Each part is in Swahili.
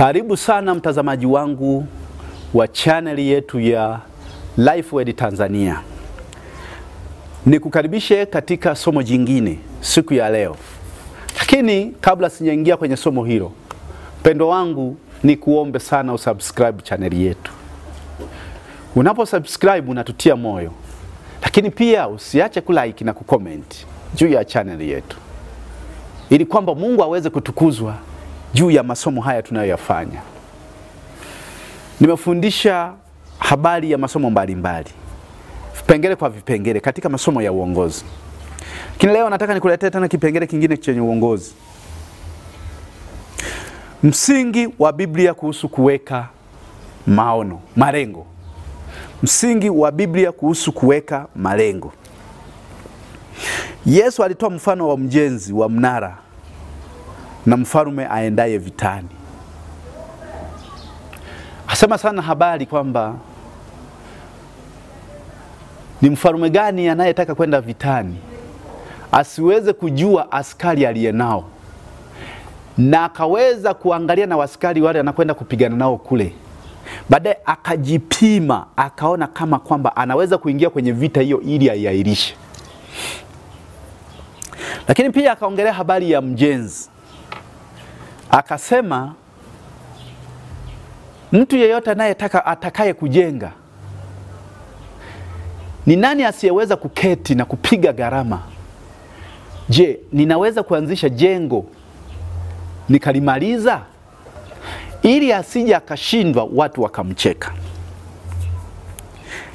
Karibu sana mtazamaji wangu wa chaneli yetu ya Lifewed Tanzania. Nikukaribishe katika somo jingine siku ya leo. Lakini kabla sijaingia kwenye somo hilo, mpendo wangu ni kuombe sana usubscribe chaneli yetu. Unapo subscribe unatutia moyo, lakini pia usiache kulike na kucomment juu ya chaneli yetu, ili kwamba Mungu aweze kutukuzwa juu ya masomo haya tunayoyafanya. Nimefundisha habari ya masomo mbalimbali, vipengele kwa vipengele katika masomo ya uongozi. Lakini leo nataka nikuletee tena kipengele kingine chenye uongozi. Msingi wa Biblia kuhusu kuweka maono, malengo. Msingi wa Biblia kuhusu kuweka malengo. Yesu alitoa mfano wa mjenzi wa mnara na mfalme aendaye vitani. Asema sana habari kwamba ni mfalme gani anayetaka kwenda vitani asiweze kujua askari aliye nao na akaweza kuangalia na waskari wale anakwenda kupigana nao kule, baadaye akajipima, akaona kama kwamba anaweza kuingia kwenye vita hiyo ili aiairishe. Lakini pia akaongelea habari ya mjenzi akasema mtu yeyote anayetaka atakaye kujenga ni nani asiyeweza kuketi na kupiga gharama? Je, ninaweza kuanzisha jengo nikalimaliza? Ili asije akashindwa watu wakamcheka.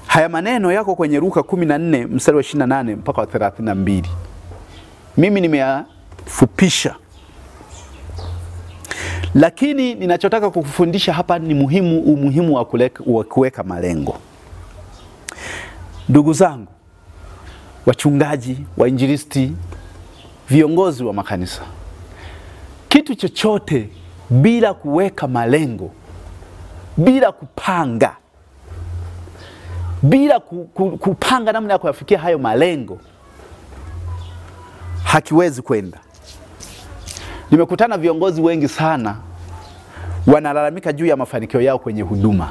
Haya maneno yako kwenye Luka 14 mstari wa 28 mpaka wa 32. Mimi nimeyafupisha lakini ninachotaka kukufundisha hapa ni muhimu, umuhimu wa kuweka malengo. Ndugu zangu wachungaji, wainjilisti, viongozi wa makanisa, kitu chochote bila kuweka malengo, bila kupanga, bila kupanga namna ya kuyafikia hayo malengo hakiwezi kwenda. Nimekutana viongozi wengi sana wanalalamika juu ya mafanikio yao kwenye huduma,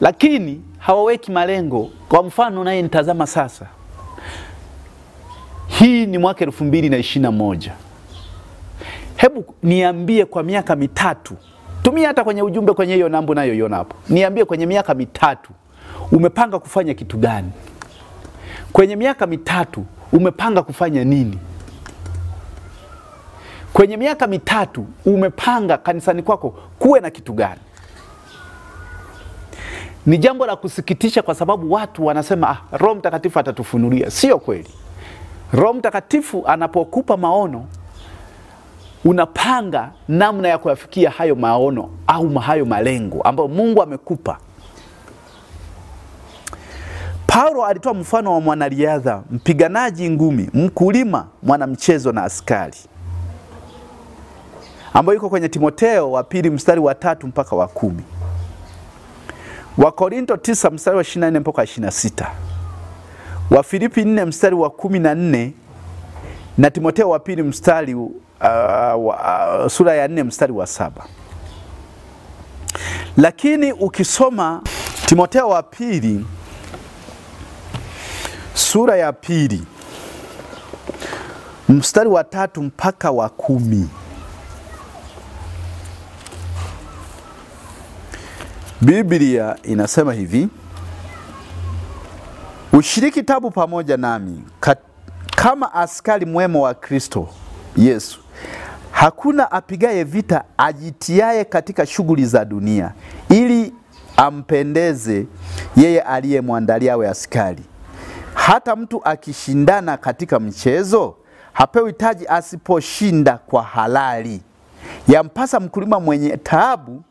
lakini hawaweki malengo. Kwa mfano, naye nitazama sasa, hii ni mwaka elfu mbili na ishirini na moja. Hebu niambie kwa miaka mitatu, tumia hata kwenye ujumbe kwenye hiyo namba unayoiona hapo, niambie kwenye miaka mitatu umepanga kufanya kitu gani? Kwenye miaka mitatu umepanga kufanya nini? kwenye miaka mitatu umepanga kanisani kwako kuwe na kitu gani? Ni jambo la kusikitisha, kwa sababu watu wanasema ah, Roho Mtakatifu atatufunulia. Sio kweli. Roho Mtakatifu anapokupa maono unapanga namna ya kuyafikia hayo maono au hayo malengo ambayo Mungu amekupa. Paulo alitoa mfano wa mwanariadha, mpiganaji ngumi, mkulima, mwanamchezo na askari ambayo iko kwenye Timoteo wa pili mstari wa tatu mpaka wa kumi, wa Korinto 9 mstari wa 24 mpaka 26, Filipi 4 mstari wa 14 na Timoteo wa pili mstari uh, wa, uh, sura ya 4 mstari wa saba. Lakini ukisoma Timoteo wa pili sura ya pili mstari wa tatu mpaka wa kumi Biblia inasema hivi, ushiriki tabu pamoja nami kat, kama askari mwema wa Kristo Yesu. Hakuna apigaye vita ajitiaye katika shughuli za dunia ili ampendeze yeye aliyemwandalia awe askari. Hata mtu akishindana katika mchezo hapewi taji asiposhinda kwa halali. Yampasa mkulima mwenye taabu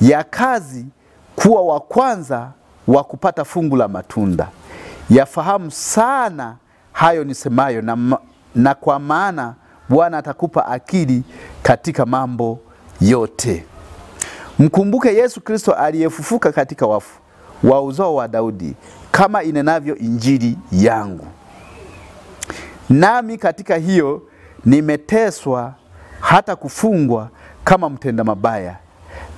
ya kazi kuwa wa kwanza wa kupata fungu la matunda. Yafahamu sana hayo nisemayo na, na kwa maana Bwana atakupa akili katika mambo yote. Mkumbuke Yesu Kristo aliyefufuka katika wafu wa uzao wa Daudi kama inenavyo Injili yangu. Nami katika hiyo nimeteswa hata kufungwa kama mtenda mabaya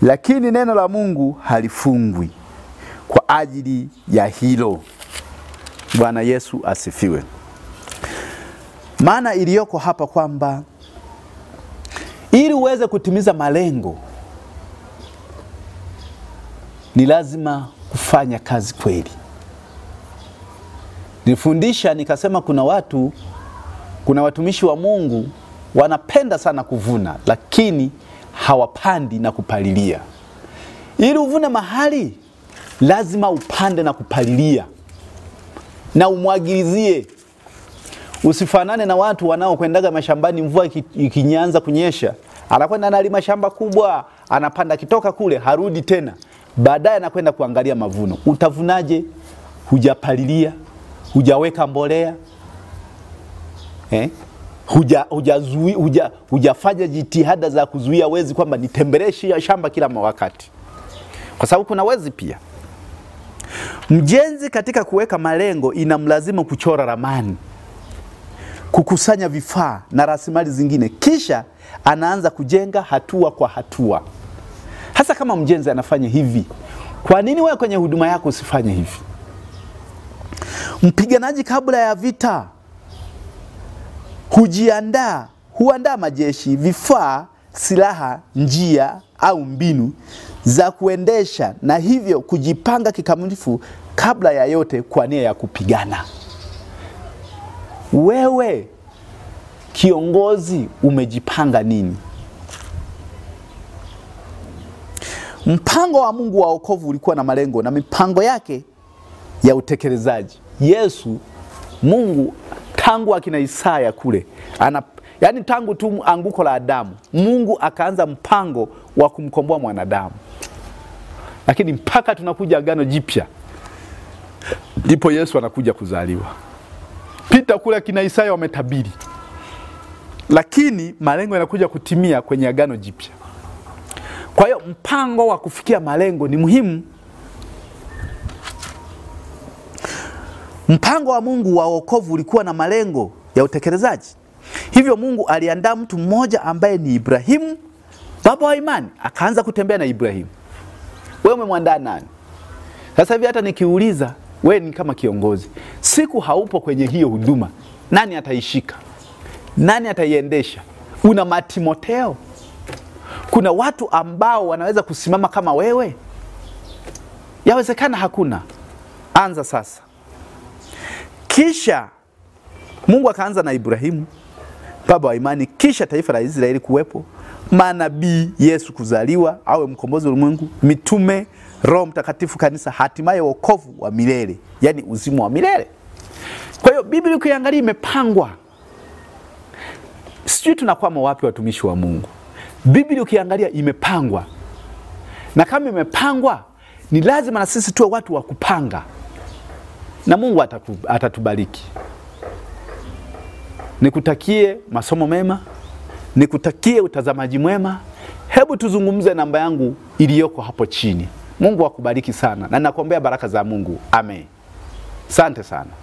lakini neno la Mungu halifungwi kwa ajili ya hilo. Bwana Yesu asifiwe. Maana iliyoko hapa kwamba ili uweze kutimiza malengo ni lazima kufanya kazi kweli. nifundisha nikasema, kuna watu, kuna watumishi wa Mungu wanapenda sana kuvuna, lakini hawapandi na kupalilia. Ili uvune mahali, lazima upande na kupalilia na umwagilizie. Usifanane na watu wanaokwendaga mashambani, mvua ikinyanza kunyesha, anakwenda analima shamba kubwa, anapanda, kitoka kule harudi tena, baadaye anakwenda kuangalia mavuno. Utavunaje? Hujapalilia, hujaweka mbolea eh? hujafanya huja huja, huja jitihada za kuzuia wezi kwamba nitembeleshe shamba kila wakati, kwa sababu kuna wezi pia. Mjenzi katika kuweka malengo inamlazima kuchora ramani, kukusanya vifaa na rasilimali zingine, kisha anaanza kujenga hatua kwa hatua. Hasa kama mjenzi anafanya hivi, kwa nini wewe kwenye huduma yako usifanye hivi? Mpiganaji kabla ya vita hujiandaa, huandaa majeshi, vifaa, silaha, njia au mbinu za kuendesha na hivyo kujipanga kikamilifu kabla ya yote kwa nia ya kupigana. Wewe kiongozi umejipanga nini? Mpango wa Mungu wa wokovu ulikuwa na malengo na mipango yake ya utekelezaji. Yesu Mungu tangu akina Isaya kule ana yani, tangu tu anguko la Adamu, Mungu akaanza mpango wa kumkomboa mwanadamu, lakini mpaka tunakuja Agano Jipya ndipo Yesu anakuja kuzaliwa. Pita kule akina Isaya wametabiri, lakini malengo yanakuja kutimia kwenye Agano Jipya. Kwa hiyo mpango wa kufikia malengo ni muhimu. Mpango wa Mungu wa wokovu ulikuwa na malengo ya utekelezaji. Hivyo Mungu aliandaa mtu mmoja ambaye ni Ibrahimu, baba wa imani, akaanza kutembea na Ibrahimu. Wewe umemwandaa nani? Sasa hivi hata nikiuliza, wewe ni kama kiongozi, siku haupo kwenye hiyo huduma, nani ataishika? Nani ataiendesha? Una Matimoteo? Kuna watu ambao wanaweza kusimama kama wewe? Yawezekana hakuna. Anza sasa. Kisha Mungu akaanza na Ibrahimu baba wa imani, kisha taifa la Israeli kuwepo, manabii, Yesu kuzaliwa, awe mkombozi ulimwengu, mitume, Roho Mtakatifu, kanisa, hatimaye wokovu wa milele, yani uzima wa milele. Kwa hiyo Biblia ukiangalia imepangwa. Sijui tunakwama wapi watumishi wa Mungu. Biblia ukiangalia imepangwa, na kama imepangwa, ni lazima na sisi tuwe watu wa kupanga na Mungu ataku, atatubariki. Nikutakie masomo mema, nikutakie utazamaji mwema. Hebu tuzungumze namba yangu iliyoko hapo chini. Mungu akubariki sana na nakuombea baraka za Mungu. Amen. Asante sana.